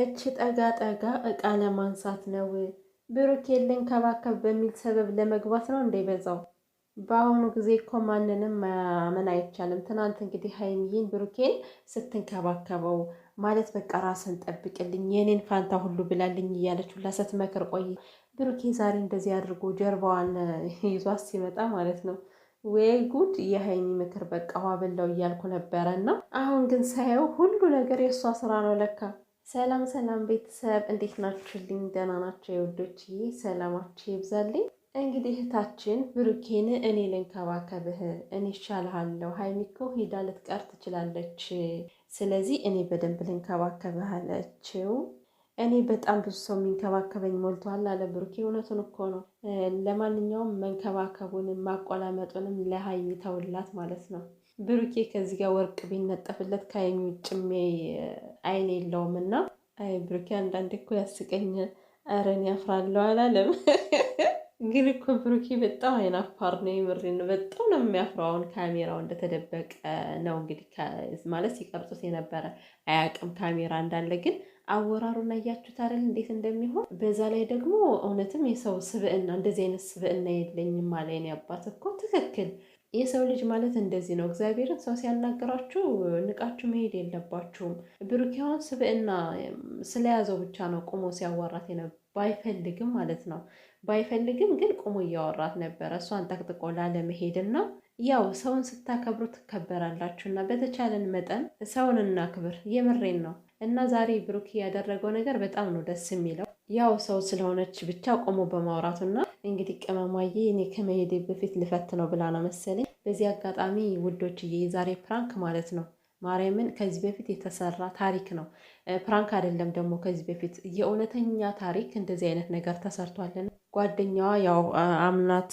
እች ጠጋ ጠጋ እቃ ለማንሳት ነው ብሩኬን ልንከባከብ በሚል ሰበብ ለመግባት ነው እንደይበዛው። በአሁኑ ጊዜ እኮ ማንንም ማመን አይቻልም። ትናንት እንግዲህ ሀይሚዬን ብሩኬን ስትንከባከበው ማለት በቃ ራስን ጠብቅልኝ የኔን ፋንታ ሁሉ ብላልኝ እያለች ሁላ ስትመክር ቆይ ብሩኬ ዛሬ እንደዚህ አድርጎ ጀርባዋን ይዟት ሲመጣ ማለት ነው ወይ ጉድ! የሀይሚ ምክር በቃ ዋበላው እያልኩ ነበረ እና አሁን ግን ሳየው ሁሉ ነገር የእሷ ስራ ነው ለካ ሰላም ሰላም ቤተሰብ እንዴት ናችሁልኝ? ደህና ናቸው የወዶች ሰላማችሁ ይብዛልኝ። እንግዲህ እህታችን ብሩኬን እኔ ልንከባከብህ፣ እኔ ይሻልሃለሁ። ሀይሚኮ ሂዳ ልትቀር ትችላለች። ስለዚህ እኔ በደንብ ልንከባከብህ አለችው። እኔ በጣም ብዙ ሰው የሚንከባከበኝ ሞልቷል አለ ብሩኬ። እውነቱን እኮ ነው። ለማንኛውም መንከባከቡንም ማቆላመጡንም ለሀይሚ ተውላት ማለት ነው። ብሩኬ ከዚህ ጋር ወርቅ ቢነጠፍለት ከአይን ውጭሜ አይን የለውም እና አይ ብሩኬ አንዳንድ እኮ ያስቀኛል። አረን ያፍራለሁ አላለም ግን እኮ ብሩኬ በጣም አይናፋር ነው። የምሬን ነው። በጣም ነው የሚያፍረው። አሁን ካሜራው እንደተደበቀ ነው እንግዲህ ማለት ሲቀርጹት የነበረ አያውቅም ካሜራ እንዳለ ግን አወራሩን አያችሁት አይደል? እንዴት እንደሚሆን በዛ ላይ ደግሞ እውነትም የሰው ስብዕና እንደዚህ አይነት ስብዕና የለኝም አለ የኔ አባት እኮ ትክክል የሰው ልጅ ማለት እንደዚህ ነው። እግዚአብሔርን ሰው ሲያናገራችሁ ንቃችሁ መሄድ የለባችሁም። ብሩኪያውን ስብዕና ስለያዘው ብቻ ነው ቁሞ ሲያዋራት ነ ባይፈልግም ማለት ነው። ባይፈልግም ግን ቁሞ እያወራት ነበረ እሷን ጠቅጥቆ ላለመሄድ እና ያው ሰውን ስታከብሩ ትከበራላችሁ እና በተቻለን መጠን ሰውን እናክብር። የምሬን ነው እና ዛሬ ብሩኪ ያደረገው ነገር በጣም ነው ደስ የሚለው። ያው ሰው ስለሆነች ብቻ ቆሞ በማውራቱ በማውራቱና እንግዲህ ቅመማዬ እኔ ከመሄዴ በፊት ልፈት ነው ብላ ነው መሰለኝ። በዚህ አጋጣሚ ውዶችዬ የዛሬ ፕራንክ ማለት ነው ማርያምን ከዚህ በፊት የተሰራ ታሪክ ነው። ፕራንክ አይደለም ደግሞ ከዚህ በፊት የእውነተኛ ታሪክ እንደዚህ አይነት ነገር ተሰርቷልና ጓደኛዋ ያው አምናት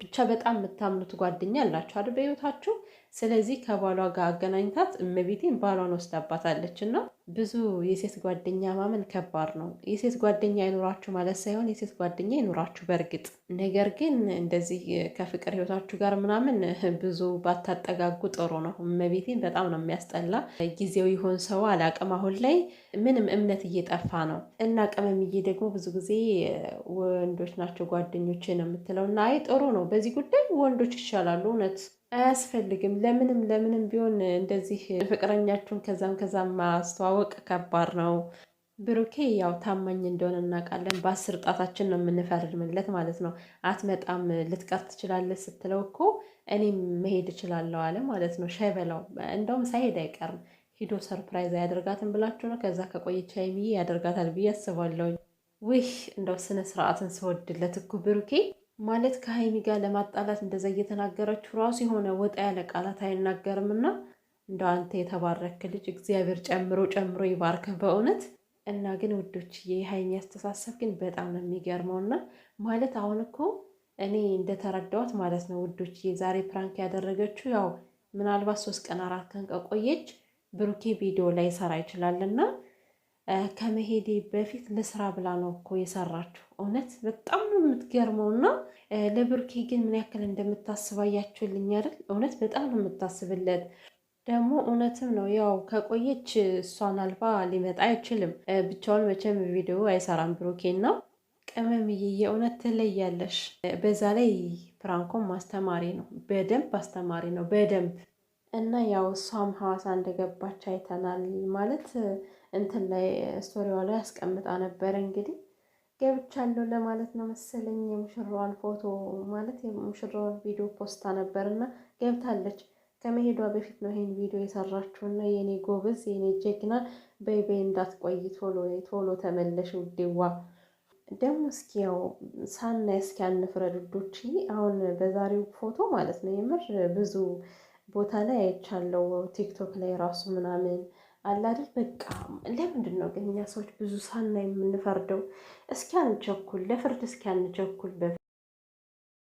ብቻ በጣም የምታምኑት ጓደኛ አላችሁ አይደል በህይወታችሁ ስለዚህ ከባሏ ጋር አገናኝታት እመቤቴን ባሏን ወስዳባታለች እና ብዙ የሴት ጓደኛ ማመን ከባድ ነው የሴት ጓደኛ አይኖራችሁ ማለት ሳይሆን የሴት ጓደኛ አይኖራችሁ በእርግጥ ነገር ግን እንደዚህ ከፍቅር ህይወታችሁ ጋር ምናምን ብዙ ባታጠጋጉ ጥሩ ነው እመቤቴን በጣም ነው የሚያስጠላ ጊዜው ይሆን ሰው አላቅም አላውቅም። አሁን ላይ ምንም እምነት እየጠፋ ነው እና ቅመምዬ ደግሞ ብዙ ጊዜ ወንዶች ናቸው ጓደኞች ነው የምትለው እና አይ ጥሩ ነው በዚህ ጉዳይ ወንዶች ይሻላሉ እውነት አያስፈልግም። ለምንም ለምንም ቢሆን እንደዚህ ፍቅረኛችሁን ከዛም ከዛም ማስተዋወቅ ከባድ ነው። ብሩኬ ያው ታማኝ እንደሆነ እናውቃለን። በአስር ጣታችን ነው የምንፈርድምለት ማለት ነው። አትመጣም ልትቀር ትችላለህ ስትለው እኮ እኔም መሄድ እችላለሁ አለ ማለት ነው። ሸበላው እንደውም ሳይሄድ አይቀርም። ሂዶ ሰርፕራይዝ አያደርጋትም ብላችሁ ነው? ከዛ ከቆየች ሀይሚዬ ያደርጋታል ብዬ አስባለሁ ውህ እንደው ስነ ስርዓትን ስወድለት እኮ ብሩኬ ማለት ከሀይሚ ጋር ለማጣላት እንደዛ እየተናገረችው ራሱ የሆነ ወጣ ያለ ቃላት አይናገርም እና እንደ አንተ የተባረክ ልጅ እግዚአብሔር ጨምሮ ጨምሮ ይባርክ በእውነት እና ግን ውዶች የሀይሚ አስተሳሰብ ግን በጣም ነው የሚገርመው እና ማለት አሁን እኮ እኔ እንደተረዳዋት ማለት ነው ውዶች የዛሬ ፕራንክ ያደረገችው ያው ምናልባት ሶስት ቀን አራት ቀን ከቆየች ብሩኬ ቪዲዮ ላይ ሰራ ይችላልና ከመሄዴ በፊት ልስራ ብላ ነው እኮ የሰራችው። እውነት በጣም ነው የምትገርመው። እና ለብሩኬ ግን ምን ያክል እንደምታስባያችሁልኝ አያችሁልኝ አይደል? እውነት በጣም ነው የምታስብለት። ደግሞ እውነትም ነው ያው ከቆየች እሷን አልባ ሊመጣ አይችልም። ብቻውን መቼም ቪዲዮ አይሰራም ብሩኬ እና ቅመምዬ የእውነት ትለያለሽ። በዛ ላይ ፕራንኮም አስተማሪ ነው፣ በደንብ አስተማሪ ነው፣ በደንብ እና ያው እሷም ሀዋሳ እንደገባች አይተናል። ማለት እንትን ላይ ስቶሪዋ ላይ አስቀምጣ ነበር። እንግዲህ ገብቻለሁ ለማለት ነው መሰለኝ የሙሽራዋን ፎቶ ማለት የሙሽራዋን ቪዲዮ ፖስታ ነበር እና ገብታለች። ከመሄዷ በፊት ነው ይህን ቪዲዮ የሰራችው። እና የኔ ጎበዝ፣ የኔ ጀግና፣ በይበይ እንዳትቆይ ቶሎ ቶሎ ተመለሽ ውዴዋ። ደግሞ እስኪ ያው ሳናይ እስኪ አንፍረድ ውዶች። አሁን በዛሬው ፎቶ ማለት ነው የምር ብዙ ቦታ ላይ አይቻለው ቲክቶክ ላይ ራሱ ምናምን አላደል በቃ ለምንድን ነው ግን እኛ ሰዎች ብዙ ሳና የምንፈርደው? እስኪ አንቸኩል፣ ለፍርድ እስኪ አንቸኩል። በፊት